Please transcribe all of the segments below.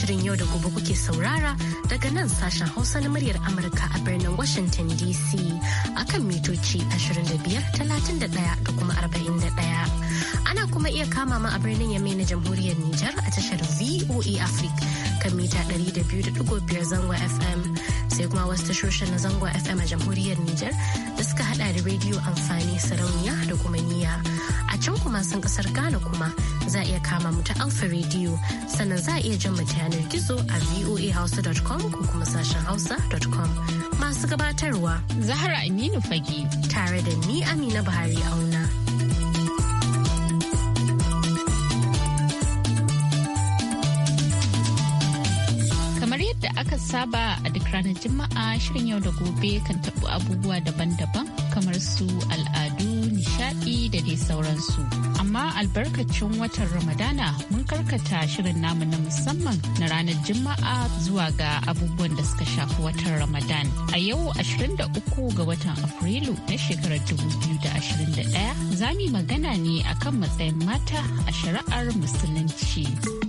Shirin yau da gobe kuke saurara daga nan sashen Hausa na muryar Amurka a birnin Washington DC akan mitoci 25,31 da kuma 41. Ana kuma iya kama ma a birnin Yamai na Jamhuriyar Nijar a tashar VOA Africa kan mita 200.5 zangon FM sai kuma wasu tashoshin na zango FM a Jamhuriyar Nijar da suka hada da rediyo amfani sarauniya da kuma niya. A can kuma sun kasar Ghana kuma. za a iya kama mu ta Alfa Radio sannan za a iya jan mu ta yanar gizo a voahausa.com ko kuma sashen hausa.com. Masu gabatarwa Zahra Aminu Fage tare da ni Amina Buhari Auna. Kamar yadda aka saba a duk ranar Juma'a shirin yau da gobe kan tabbu abubuwa daban-daban kamar su al'adu ciki da dai sauransu. Amma albarkacin watan Ramadana mun karkata shirin namu na musamman na ranar Juma'a zuwa ga abubuwan da suka shafi watan Ramadan. A yau 23 ga watan Afrilu na shekarar 2021 za mu magana ne akan matsayin mata a shari'ar musulunci.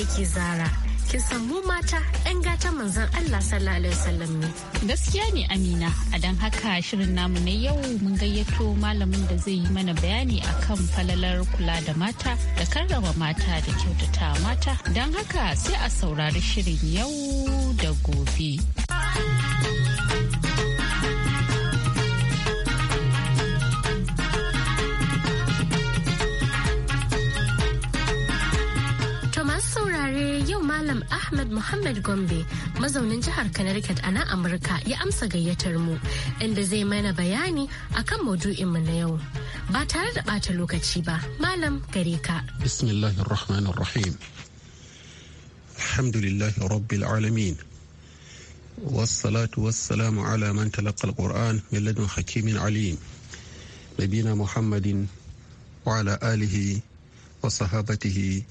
haka ki zara kin san mu mata 'yan gata manzon Allah sallallahu alaihi wasallam ne. Gaskiya ne Amina, a dan haka shirin namu na yau mun gayyato malamin da zai yi mana bayani akan falalar kula da mata da karrama mata da kyautata mata. dan haka sai a saurari shirin yau da gobe. Malam Ahmed Muhammad Gombe mazaunin jihar Connecticut a nan Amurka ya amsa gayyatar mu inda zai mana bayani akan mu na yau. Ba tare da ɓata lokaci ba, Malam gare ka. Bismillahirrahmanirrahim. Alhamdulillahi Rabbil Alamin. ala والسلام على من تلقى القرآن hakimin alim. Nabina Muhammadin wa ala alihi wa sahabatihi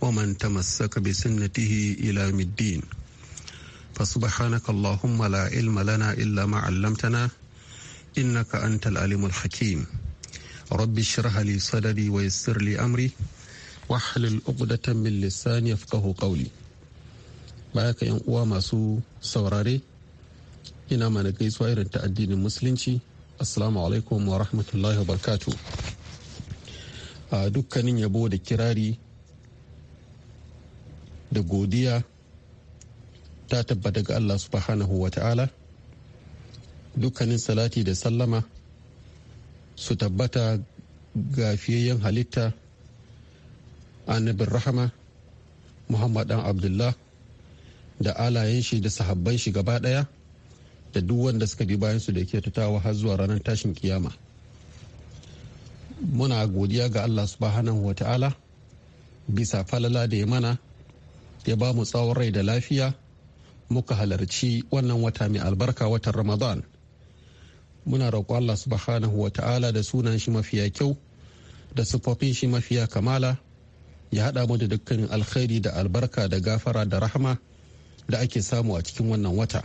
ومن تمسك بسنته إلى يوم الدين فسبحانك اللهم لا علم لنا إلا ما علمتنا إنك أنت العليم الحكيم رب اشرح لي صدري ويسر لي أمري واحلل عقدة من لساني يفقه قولي bayaka yan uwa masu saurare ina mana gaisuwa irin ta addinin musulunci assalamu alaikum wa rahmatullahi wa barkatu a dukkanin yabo da kirari da godiya ta tabbata ga Allah subhanahu wa ta'ala dukkanin salati da sallama su tabbata ga fiyayyen halitta annabin rahama muhammad dan abdullah da alayen shi da sahabban shi gaba daya da duk wanda suka bi bayan su da ke tutawa har zuwa ranar tashin kiyama muna godiya ga allah subhanahu wa ta'ala bisa falala da ya mana ya ba mu tsawon rai da lafiya muka halarci wannan wata mai albarka watan ramadan muna roƙo allah subhanahu wa ta'ala da sunan shi mafiya kyau da siffofin shi mafiya kamala ya haɗa mu da dukkanin alkhairi da albarka da gafara da rahama da ake samu a cikin wannan wata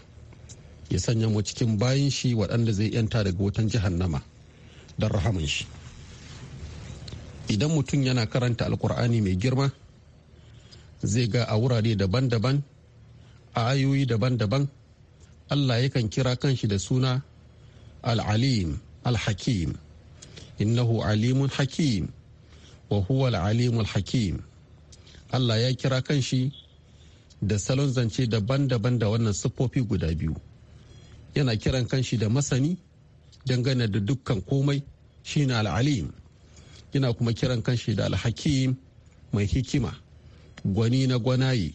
ya sanya mu cikin bayan shi waɗanda zai yanta daga wutan jahannama don rahaman shi idan mutum yana karanta alkur'ani mai girma zai ga a wurare daban-daban a ayoyi daban-daban allah yakan kira kanshi da suna al'alim al-hakim innahu alimun hakim wa huwa al'alimul hakim allah ya kira kanshi da salon zance daban-daban da wannan siffofi guda biyu yana kiran kanshi da masani dangane da dukkan komai shine al'alim yana kuma kiran kanshi da alhakim mai hikima gwani na gwanaye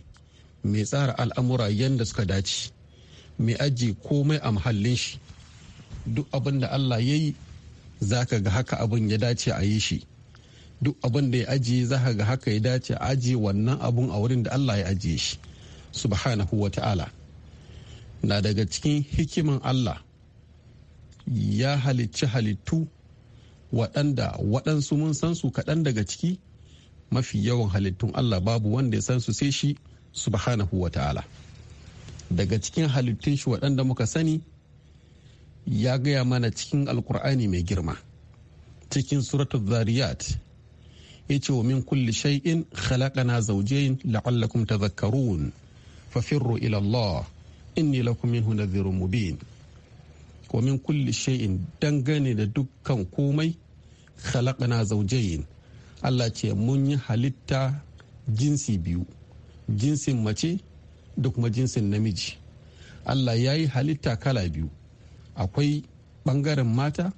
mai tsara al'amura yadda suka dace mai aji komai a muhallin shi duk abin da allah ya yi za ka ga haka abin ya dace a yi shi duk abin da ya ajiye za ka ga haka ya dace a ajiye wannan abun a wurin da allah ya ajiye shi subhanahu wa ta'ala na daga cikin hikiman allah ya halicci halittu waɗanda waɗansu mun san su kaɗan daga ciki mafi yawan halittun Allah babu wanda ya san su sai shi subhanahu wa ta'ala daga cikin halittun shi waɗanda muka sani ya gaya mana cikin alkur'ani mai girma cikin suratu zariyat ya ce wa min kulli shay'in khalaqana zawjayn la'allakum tadhakkarun fafirru ila Allah inni lakum minhu nadhirun mubin wa min kulli shay'in dangane da dukkan komai khalaqana zawjayn allah ce mun yi halitta jinsi biyu jinsin mace da kuma jinsin namiji allah ya yi halitta kala biyu akwai ɓangaren mata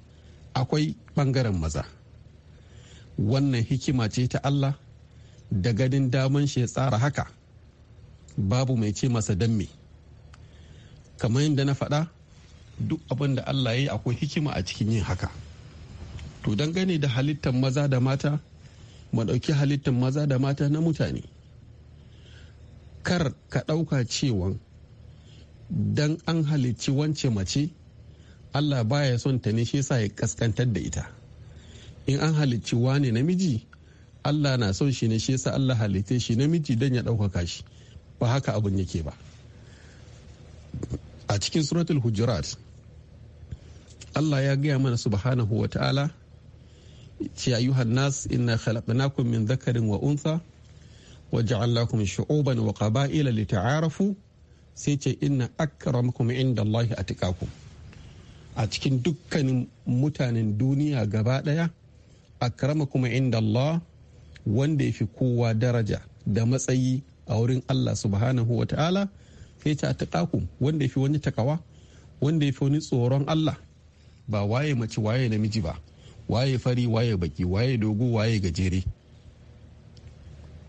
akwai ɓangaren maza wannan hikima ce ta allah da gadin daman shi ya tsara haka babu mai ce masa dan me kamar yadda na faɗa duk abin da allah ya yi akwai hikima a cikin yin haka to dangane da halittar maza da mata mu ɗauki halittar maza da mata na mutane kar ka ɗauka cewa dan an halicci wance mace allah baya son ta ne shi yasa ya kaskantar da ita in an halicci wane namiji allah na son shi ne shi yasa allah halitte shi namiji don ya ɗaukaka shi ba haka abin yake ba a cikin suratul hujurat allah ya gaya mana subhanahu wa ta'ala ce ayyuhan nas inna khalaqnakum min dhakarin wa untha wa ja'alnakum shu'uban wa qaba'ila lita'arafu sai ce inna akramakum indallahi atqakum a cikin dukkanin mutanen duniya gaba daya akramakum indallah wanda yafi kowa daraja da matsayi a wurin Allah subhanahu wa ta'ala sai ce atqakum wanda yafi wani takawa wanda yafi wani tsoron Allah ba waye mace waye namiji ba waye fari waye baki waye dogo waye gajere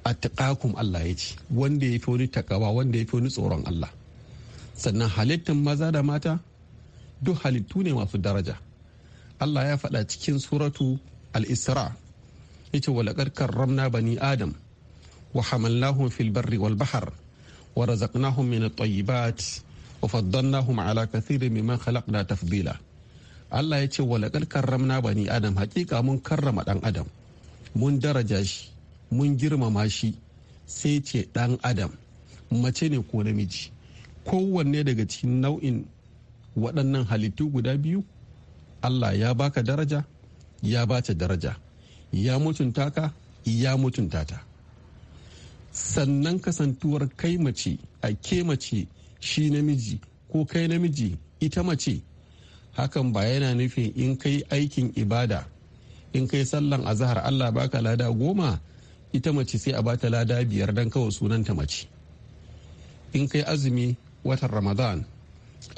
a Allah ya ce wanda ya fi wani takawa wanda ya fi wani tsoron Allah sannan halittar maza da mata duk halittu ne masu daraja Allah ya faɗa cikin suratu al-isra yace walaƙar karramna bani adam wa hamalnahum fil barri wal bahar wa razaqnahum min at-tayyibat wa faddalnahum ala kathirin mimman khalaqna tafdila Allah ya ce walaƙal na bani adam hakika mun karrama ɗan adam mun daraja shi mun girmama shi sai ce ɗan adam mace ne ko namiji kowanne daga cikin nau'in waɗannan halittu guda biyu Allah ya baka daraja ya bata daraja ya mutunta ka ya mutunta ta sannan kasantuwar kai mace a ke mace shi namiji ko kai namiji ita mace hakan ba yana nufin in kai aikin ibada in kai sallan azahar allah baka lada goma ita mace sai a bata lada biyar don kawai sunanta mace in kai azumi watan ramadan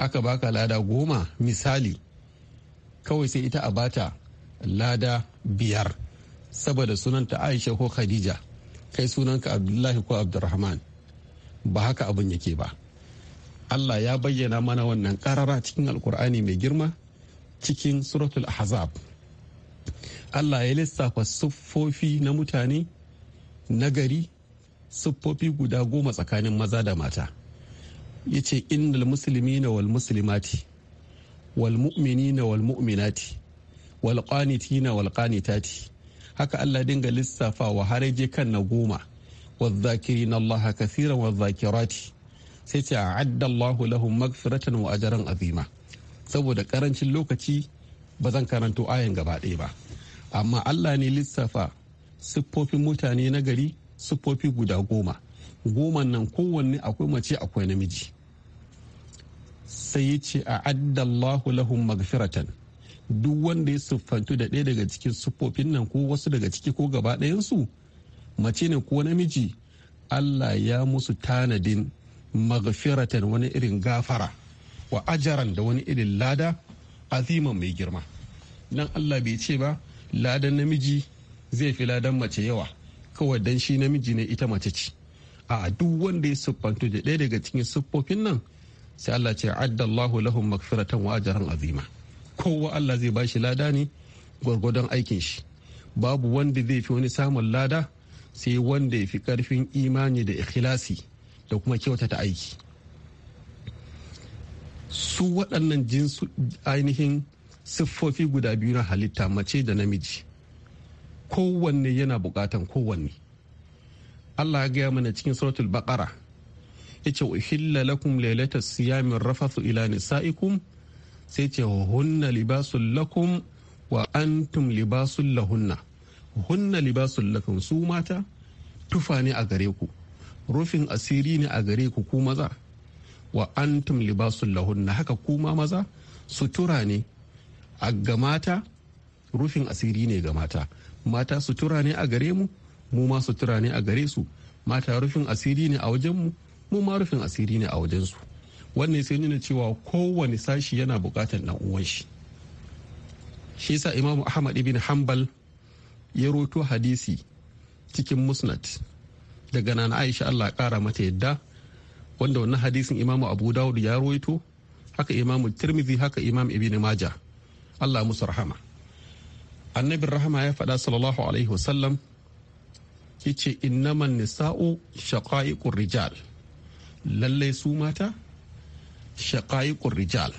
aka baka lada goma misali kawai sai ita a bata lada biyar saboda sunanta aisha ko khadija kai sunanka abdullahi ko abdurrahman ba haka abin yake ba Allah ya bayyana mana wannan karara cikin alkur'ani mai girma cikin suratul ahzab Allah ya lissafa siffofi na mutane na gari siffofi guda goma tsakanin maza da mata ya ce innal muslimina wal muslimati wal mu'minina wal mu'minati wal qanitina wal qanitati haka Allah dinga lissafawa har yaje kan na goma Allah الله كثيرا والذاكرات sai ce a'addallahu lahum magfiratan wa ajran azima saboda karancin lokaci ba zan karanto ayan gaba ɗaya ba amma Allah ne lissafa siffofin mutane na gari siffofi guda goma goma nan kowanne akwai mace akwai namiji sai ya ce addallahu lahum magfiratan duk wanda ya siffantu da ɗaya daga cikin siffofin nan ko wasu daga ciki ko gaba ɗayansu mace ne ko namiji Allah ya musu tanadin magfiratan wani irin gafara wa ajaran da wani irin lada azima mai girma nan Allah bai ce ba ladan namiji zai fi ladan mace yawa kawai dan shi namiji ne ita mace ce a duk wanda ya siffantu da ɗaya daga cikin siffofin nan sai Allah ce addallahu lahum magfiratan wa ajaran azima kowa Allah zai bashi lada ne gwargwadon aikin shi babu wanda zai fi wani samun lada sai wanda ya fi karfin imani da ikhlasi da kuma kyautata aiki su waɗannan jinsu ainihin siffofi guda biyu na halitta mace da namiji kowanne yana buƙatan kowanne allah ya gaya mana cikin suratul baqara ya ce uhilla lakum lailatar siyamin rafasu ila nisa'ikum sai ce hunna libasun lakum wa antum libasun lahunna hunna libasun lakum su mata tufa ne a gare ku rufin asiri ne a gare ku ku maza wa antum libasul lahunna haka kuma maza sutura ne a ga mata rufin asiri ne ga mata mata sutura ne a gare mu mu ma sutura ne a gare su mata rufin asiri ne a wajen mu mu ma rufin asiri ne a wajen su wannan sai nuna cewa kowane sashi yana bukatar dan uwan shi shi sa imamu ahmad ibn hanbal ya roto hadisi cikin musnad daga nana aisha allah kara mata yadda wanda wannan hadisin imamu abu dawud ya ruwaito haka imamu tirmidhi haka imam ibn maja allah musu rahama annabin rahama ya faɗa sallallahu alaihi wasallam ce innaman nisa'u shaqa'iqur rijal lallai su mata shaqa'iqur rijal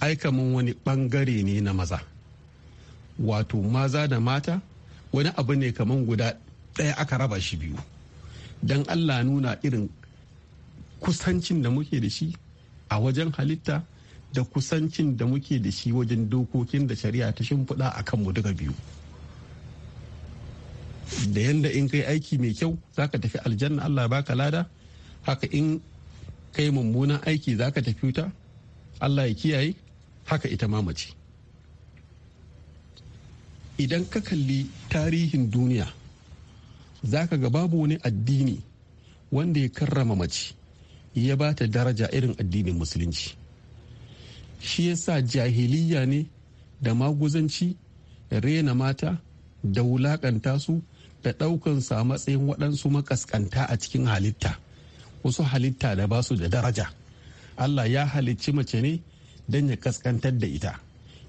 ai kaman wani ɓangare ne na maza wato maza da mata wani abu ne kaman guda ɗaya aka raba shi biyu don allah nuna irin kusancin da muke da shi a wajen halitta da kusancin da muke da shi wajen dokokin da shari'a ta shimfiɗa a kanmu duka biyu da yanda in kai aiki mai kyau za ka tafi aljanna allah baka lada haka in kai mummunan aiki za ka tafi wuta allah ya kiyaye haka ita ma mace idan ka kalli tarihin duniya za ka ga babu wani addini wanda ya karrama mace ya ba ta daraja irin addinin musulunci shi ya sa jahiliya ne da maguzanci rena mata da wulaƙanta su da ɗaukan a matsayin waɗansu makaskanta a cikin halitta wasu halitta da ba su da daraja allah ya halicci mace ne don ya kaskantar da ita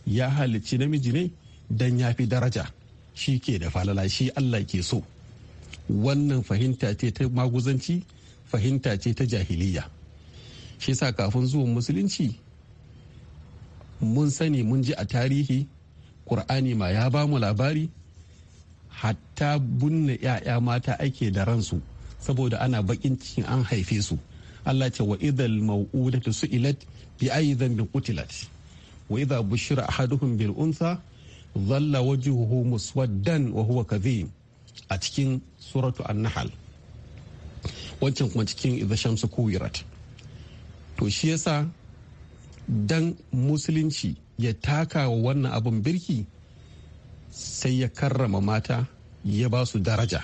ya halicci namiji ne don ya fi daraja shi ke da falala shi allah ke so wannan fahimta ce ta maguzanci fahimta ce ta jahiliya shi sa kafin zuwan musulunci mun sani mun ji a tarihi ƙur'ani ma ya ba mu labari hatta bunne 'ya'ya mata ake da ransu saboda ana bakin cikin an haife su Allah ce wa idal mau'udatu su'ilat bi ayi dhanbin qutilat wa idha bushira ahaduhum bil untha dhalla wajhuhu muswaddan wa huwa kadhib a cikin suratu an-nahl wancan kuma cikin iza shamsu kuwirat to shi yasa dan musulunci ya taka wa wannan abin birki sai ya karrama mata ya ba su daraja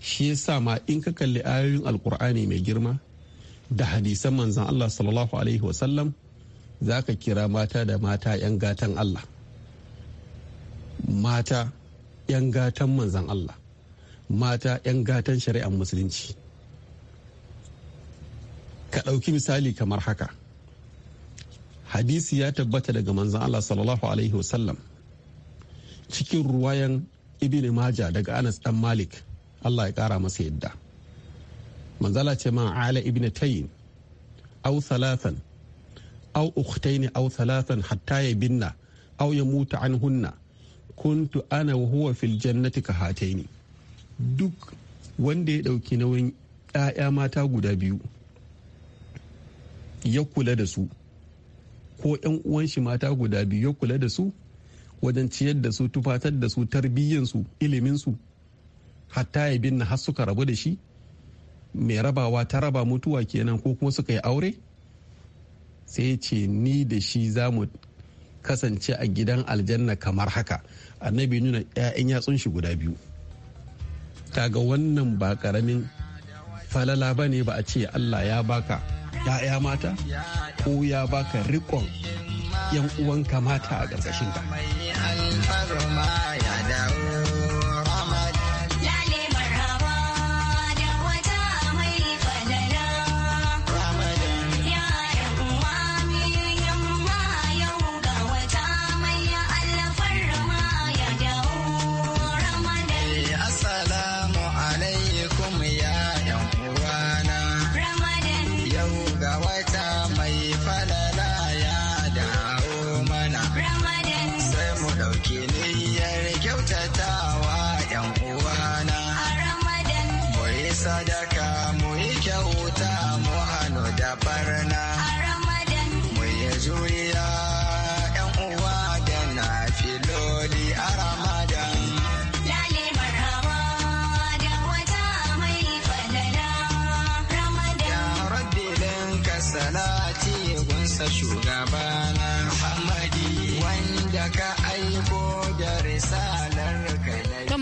shi yasa ma in ka kalli ayoyin alkur'ani mai girma da hadisan manzan Allah sallallahu alaihi wasallam za ka kira mata da mata 'yan gatan Allah mata 'yan gatan manzan Allah mata 'yan gatan shari'ar musulunci ka ɗauki misali kamar haka hadisi ya tabbata daga manzan Allah sallallahu alaihi wasallam cikin ruwayan ibn maja daga anas dan malik Allah ya ƙara masa yadda manzala ce ma ala ibn Tayyin. au thalathan au ukhtayn au thalathan hatta ya binna au ya mutu an hunna kuntu ana huwa fil jannati ka hataini duk wanda ya ɗauki nauyin 'ya'ya mata guda biyu ya kula da su ko 'yan uwan shi mata guda biyu ya kula da su wajen ciyar da su tufatar da su tarbiyyansu iliminsu hatta ya binne har suka rabu da shi mai rabawa ta raba mutuwa kenan ko kuma suka yi aure sai ce ni da shi za mu kasance a gidan aljanna kamar haka annabi nuna 'ya'yan yatsun shi guda biyu kaga wannan ba karamin falala ba ne ba a ce allah ya baka 'ya'ya mata ko ya baka rikon yan uwanka mata a ƙarƙashinka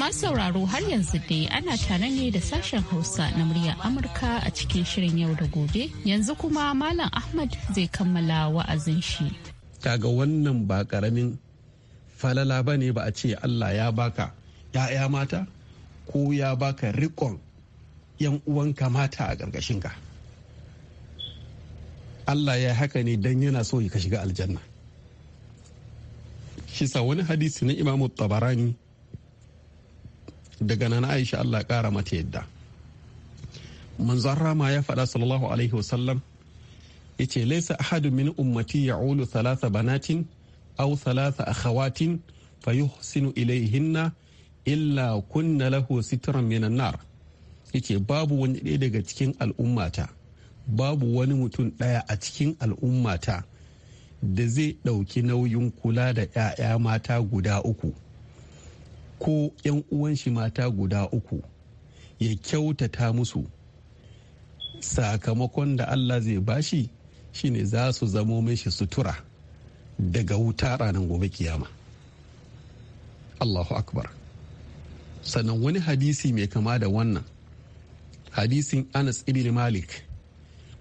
Masu sauraro har yanzu dai ana tare ne da sashen Hausa na muryar Amurka a cikin shirin yau da gobe. Yanzu kuma Malam Ahmad zai kammala wa'azin shi. Kaga wannan ba karamin falala ba ne ba a ce Allah ya baka ‘ya'ya mata ko ya baka rikon ‘yan uwanka mata a ƙarƙashinka. Allah ya haka ne don yana so ka shiga aljanna. Shisa wani hadisi na Imamu Tabarani. daga nan aisha allah kara mata yadda manzon ya faɗa sallallahu alaihi wasallam ya ce laisa ahadu min ummati ya ulu thalatha banatin aw thalatha akhawatin fa yuhsinu ilayhinna illa kunna lahu sitran minan nar yace babu wani ɗaya daga cikin al'ummata babu wani mutum ɗaya a cikin al'ummata da zai ɗauki nauyin kula da 'ya'ya mata guda uku ko 'yan uwan shi mata guda uku ya kyautata musu sakamakon da allah zai bashi shine za su zamo mishi sutura daga wuta ranar gobe kiyama allahu akbar sannan wani hadisi mai kama da wannan hadisin anas ibn malik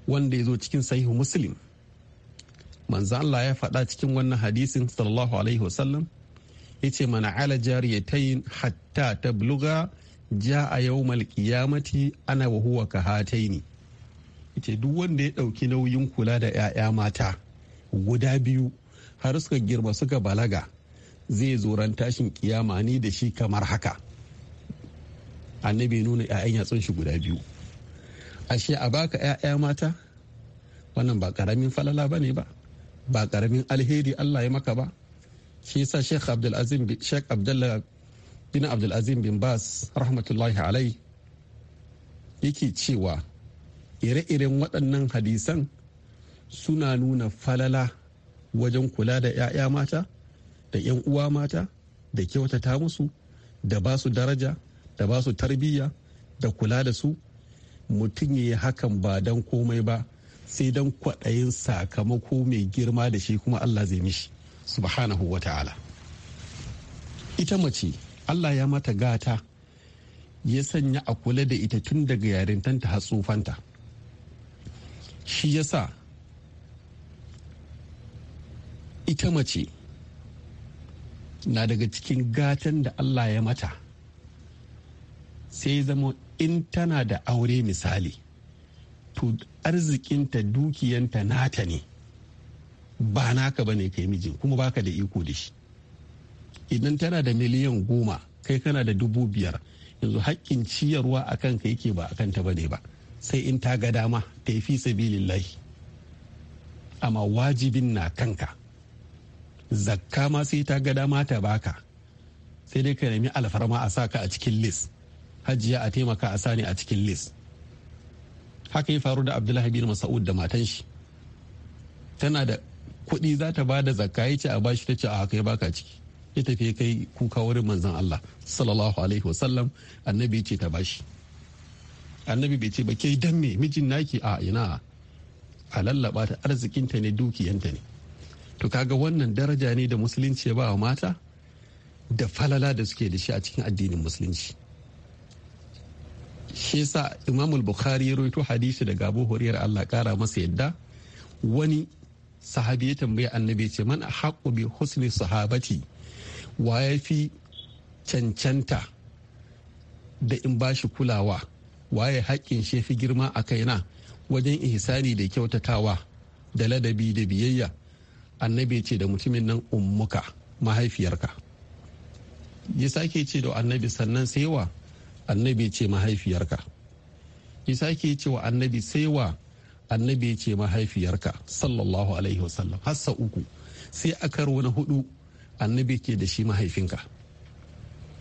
wanda ya zo cikin sahihu muslim manzo Allah ya faɗa cikin wannan hadisin sallallahu alaihi wasallam ce mana ala jariya ta yi hatta ta bulga ja a yau malkiyamati ana wa hatai ni. ce duk wanda ya ɗauki nauyin kula da 'ya'ya mata guda biyu har suka girma suka balaga zai zoran tashin kiyama ni da shi kamar haka annabi nuna 'ya'yan yatsun shi guda biyu ashe a baka 'ya'ya mata wannan ba karamin falala ba ne ba ba karamin alheri allah ya maka ba shi yasa Sheikh Abdulazim Sheikh Abdullah bin Abdulazim bin Bas rahmatullahi alai yake cewa ire-iren waɗannan hadisan suna nuna falala wajen kula da 'ya'ya mata da 'yan uwa mata da kyautata musu da ba su daraja da ba su tarbiyya da kula da su mutum ya yi hakan ba don komai ba sai don kwaɗayin sakamako mai girma da shi kuma allah zai mishi subhanahu wa ta'ala ita mace allah ya mata gata ya sanya a kula da ita tun daga yarintanta har tsufanta shi ya sa ita mace na daga cikin gatan da allah ya mata sai zama in tana da aure misali to arzikinta dukiyanta nata ne ba naka bane yi mijin kuma baka da iko da shi idan tana da miliyan goma kai kana da dubu biyar yanzu haƙƙin ciyarwa a kanka yake ba a kanta bane ba sai in ta ga dama ta yi fi bilillahi. amma wajibin na kanka zakka ma sai ta ga dama ta baka sai dai ka nemi alfarma a sa ka a cikin lis. hajiya a taimaka a sa sani a cikin lis. haka ya faru da abdullahi bin mas'ud da matan shi tana da kuɗi za ta bada zakka ya ce a bashi ta ce a kai baka ciki ya tafi kai kuka wurin manzon Allah sallallahu alaihi wasallam annabi ce ta bashi annabi bai ce ba ke dan me mijin naki a ina a lallaba ta arzikinta ne dukiyanta ne to kaga wannan daraja ne da musulunci ya ba wa mata da falala da suke da shi a cikin addinin musulunci shi yasa imamul bukhari ya roito hadisi daga abu huriyar allah kara masa yadda wani sahabi ya tambayi annabi ce man haqqu bi husni sahabati wa ya fi cancanta da in ba shi kulawa wa ya haƙƙin shi fi girma a kai na wajen ihsani da kyautatawa da ladabi da biyayya annabi ce da mutumin nan ummuka mahaifiyarka ya sake ce da annabi sannan saiwa annabi ce mahaifiyarka ya sake ce wa annabi saiwa annabi ya ce mahaifiyarka sallallahu alaihi wasallam hassa uku sai a karo na hudu annabi ke da shi mahaifinka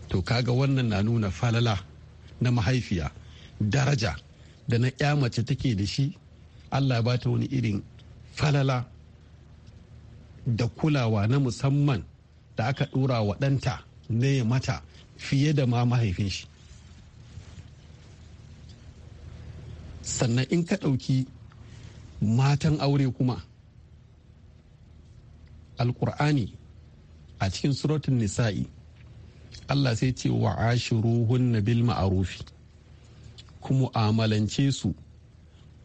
to kaga wannan na nuna falala na mahaifiya daraja da na ya mace take da shi allah ba ta wani irin falala da kulawa na musamman da aka dora wa ɗanta na ya mata fiye da ma mahaifin shi sannan in ka ɗauki matan aure kuma alkur'ani a cikin suratun nisa'i allah sai ce wa ashiruhunna bil ma'arufi ku mu'amalance su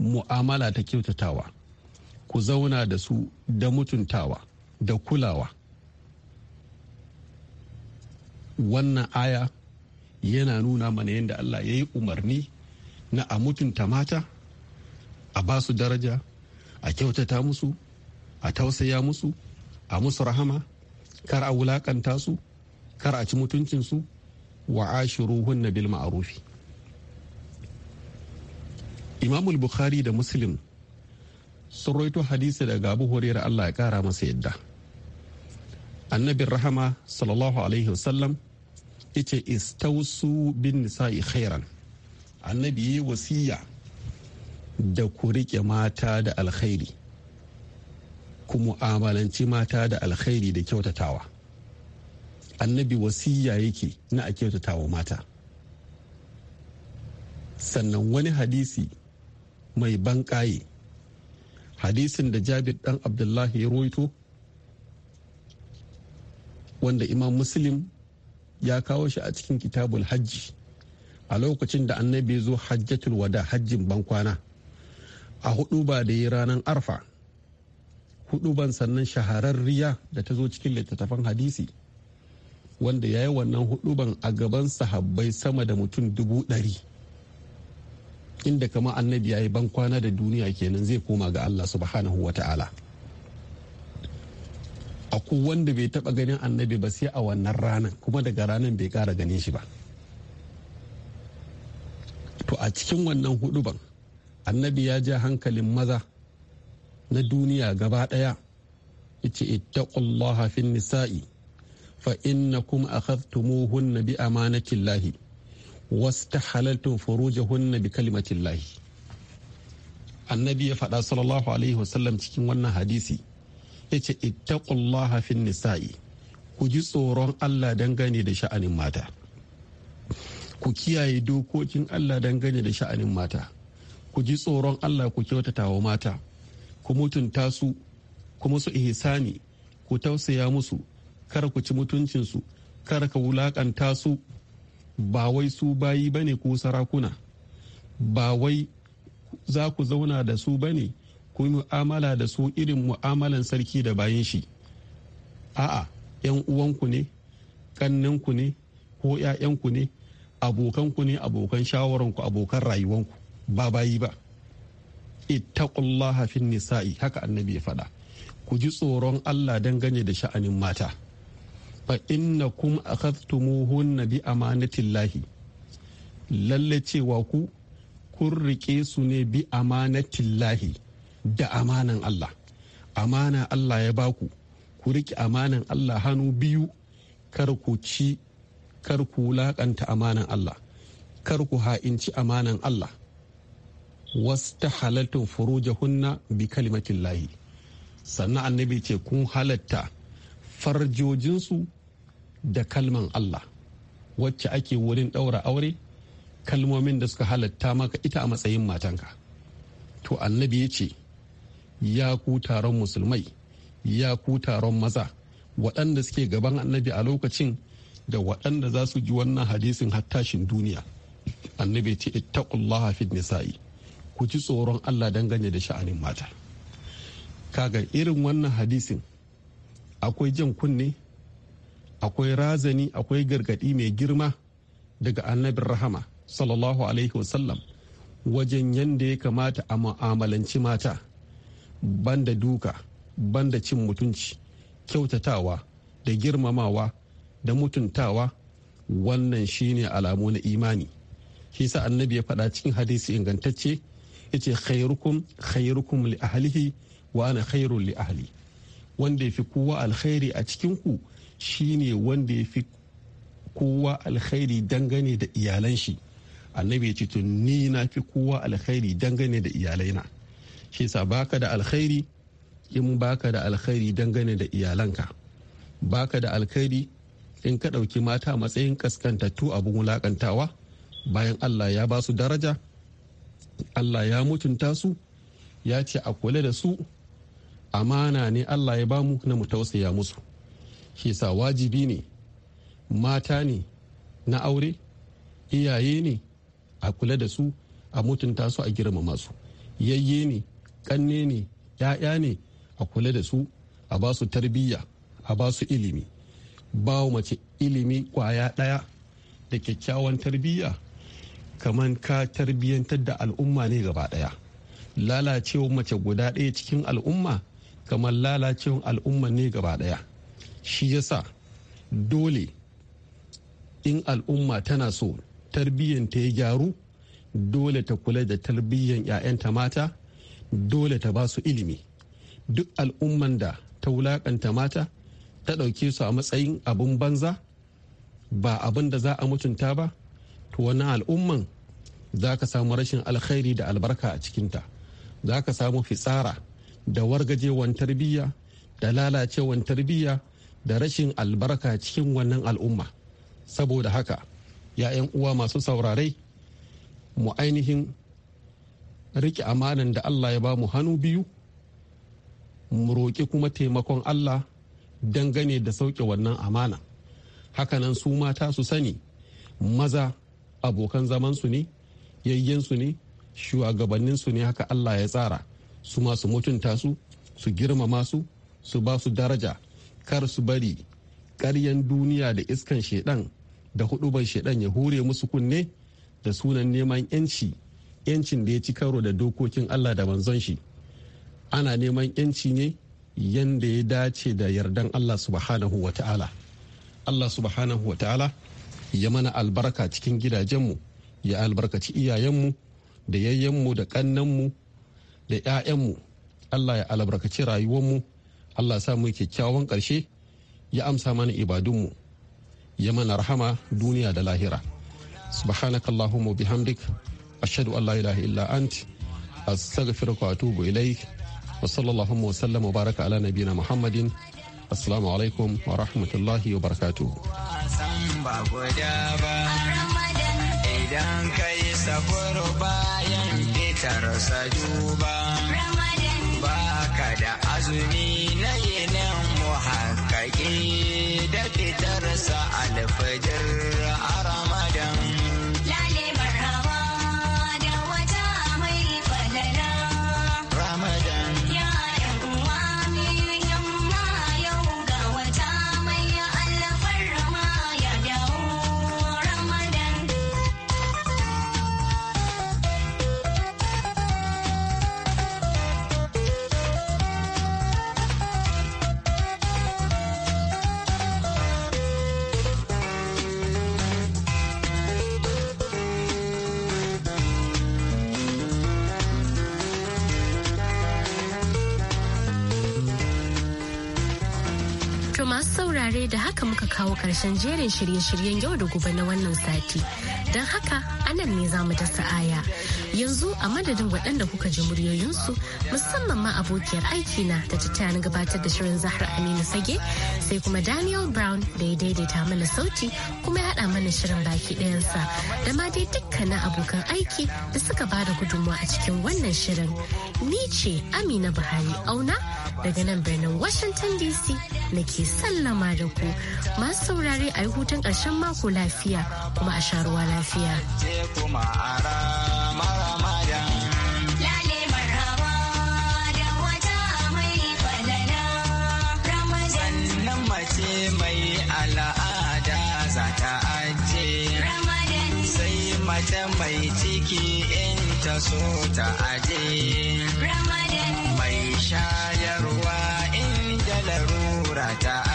mu'amala ta kyautatawa ku zauna da su da mutuntawa da kulawa wannan aya yana nuna mana yadda allah ya yi umarni na a mutunta mata a ba su daraja a kyautata musu a tausaya musu a musu rahama kar a wulakanta su kar a ci mutuncinsu wa ashiruhunna bil ma'arufi imamul bukhari da muslim sun roito hadisi daga abu hurera allah ya kara masa yadda annabin rahama sallallahu alaihi wasallam ya ce istausu bin nisa'i khairan annabi yi wasiya da ku riƙe mata da alkhairi ku mu'amalanci mata da alkhairi da kyautatawa annabi wasiya yake na a kyautatawa mata sannan wani hadisi mai ban ƙaye hadisin da jabir dan abdullahi ya roito wanda imam muslim ya kawo shi a cikin kitabul hajji a lokacin da annabi ya zo hajjatul wada hajjin bankwana a hudu ba da yi ranar arfa hudu ban sannan shahararriya da ta zo cikin littattafan hadisi wanda ya yi wannan hudu ban a gaban sahabbai sama da mutum dubu ɗari inda kama annabi ya yi ban kwana da duniya kenan zai koma ga allah subhanahu wa ta'ala a wanda bai taba ganin annabi ba sai a wannan ranar kuma daga ranar bai kara ganin shi ba to a cikin wannan hudu ban annabi ya ja hankalin maza na duniya gaba ɗaya yace ittaqullaha fin nisa'i fa innakum akhadhtumuhunna bi amanatillahi wastahalaltum furujahunna bi kalimatillahi annabi ya faɗa sallallahu alaihi wasallam cikin wannan hadisi yace ittaqullaha fin nisa'i ku ji tsoron Allah dangane da sha'anin mata ku kiyaye dokokin Allah dangane da sha'anin mata ku ji tsoron allah ku kyautata wa mata ku mutunta su ku musu ihsani ku tausaya musu kar ku ci mutuncinsu kar ka wulakanta su ba wai su bayi ba ne ku sarakuna ba wai za ku zauna da su ba ne ku mu'amala da su irin mu'amalan sarki da bayan shi a'a yan uwanku ne ƙanninku ne ko 'ya'yanku ne abokanku ne abokan shawararku abokan rayuwanku ba bayi ba ittaqullaha fin nisa'i haka annabi ya faɗa ku ji tsoron Allah dangane da sha'anin mata fa innakum akhadhtumuhunna bi amanatillahi lalle cewa ku kun rike su ne bi amanatillahi da amanan Allah amana Allah ya baku ku rike amanan Allah hannu biyu kar ku ci kar ku amanan Allah kar ku ha'inci amanan Allah wasta halaltun furujahunna bi kalimatin lahi sannan annabi ce kun halatta farjojinsu da kalman Allah wacce ake wurin ɗaura aure kalmomin da suka halatta maka ita a matsayin matanka to annabi ya ce ya ku taron musulmai ya ku taron maza waɗanda suke gaban annabi a lokacin da waɗanda za su ji wannan hadisin hattashin duniya annabi ce ittaqullaha fi nisa'i ku ci tsoron Allah dangane da sha'anin mata kaga irin wannan hadisin akwai jan kunne akwai razani akwai gargadi mai girma daga annabin rahama sallallahu alaihi wasallam wajen yadda ya kamata a mu'amalanci mata banda duka banda cin mutunci kyautatawa da girmamawa da mutuntawa wannan shine alamu na imani shi sa annabi ya faɗa cikin hadisi ingantacce yace khairukum khairukum li ahlihi wa ana khairul li ahli wanda yafi kowa alkhairi a cikin ku shine wanda yafi kowa alkhairi dangane da iyalan shi annabi ya ce to ni na fi kowa alkhairi dangane da iyalaina shi sa baka da alkhairi in baka da alkhairi dangane da iyalanka baka da alkhairi in ka ɗauki mata matsayin kaskantattu abin wulakantawa bayan allah ya ba su daraja allah ya mutunta su ya ce a kula da su amana ne allah ya bamu na mu tausaya musu shi sa wajibi ne mata ne na aure iyaye ne a kula da su a mutunta su a girmama su yayye ne kanne ne ya'ya ne a kula da su a ba su tarbiyya a ba su ilimi ba mace ilimi kwaya ɗaya da kyakkyawan tarbiyya kamar ka tarbiyyantar da al'umma ne gaba ɗaya lalacewar mace guda ɗaya cikin al'umma kamar lalacewar al'umma ne gaba ɗaya shi yasa dole in al'umma tana so tarbiyyanta ya gyaru dole ta kula da tarbiyyan 'ya'yanta mata dole ta ba su ilimi duk al'umman da ta wulaƙanta mata ta ɗauke su a matsayin abin banza ba abin da za a mutunta ba to wani al'umman za ka samu rashin alkhairi da albarka a cikinta za ka samu fitsara da wargajewan tarbiyya da lalacewan tarbiyya da rashin albarka cikin wannan al'umma saboda haka ya'yan uwa masu saurarai mu ainihin riƙe amanan da allah ya ba mu hannu biyu mu roƙi kuma taimakon allah dangane da sauƙe wannan amana hakanan su mata su sani maza abokan zamansu ne yayyensu ne shugabanninsu ne haka allah ya tsara su masu mutunta su su girmama su su ba su daraja kar su bari karyan duniya da iskan shedan da huduban shedan ya hure musu kunne da sunan neman yanci yancin da ya ci karo da dokokin allah da manzon shi ana neman yanci ne yanda ya dace da yardan allah subhanahu wa ta'ala allah subhanahu wa ta'ala ya mana albarka cikin gidajenmu ya albarkaci iyayenmu da yayyenmu da kannanmu da 'ya'yanmu allah ya albarkaci rayuwanmu allah sa mu kyakkyawan ƙarshe ya amsa mana ibadunmu ya mana rahama duniya da lahira subhanakallahumma bihamdik ashhadu an la ilaha illa ant astaghfiruka wa atubu ilaik wa sallallahu wa sallam wa baraka ala nabiyina muhammadin assalamu alaikum wa rahmatullahi wa barakatuh ba guda ba idan ka yi bayan fitar sa duba ba ka da azumi na mu haƙaƙi da fitar sa alfajir arama kawo karshen jerin shirye-shiryen yau da gobe na wannan sati. Don haka anan ne za mu dasa aya. Yanzu a madadin waɗanda kuka ji muryoyinsu musamman ma abokiyar aikina da ta na gabatar da shirin Zahra Aminu Sage sai kuma Daniel Brown da ya daidaita mana sauti kuma ya haɗa mana shirin baki ɗayansa da ma dai dukkanin abokan aiki da suka ba da gudunmawa a cikin wannan shirin. Ni ce Amina Buhari auna daga nan birnin Washington DC na ke sallama da ku masu saurare a yi hutun ƙarshen mako lafiya kuma a sharuwa lafiya. mai al'ada za sai mace mai ciki in ta so ta aje. mai shayarwa inda larura ta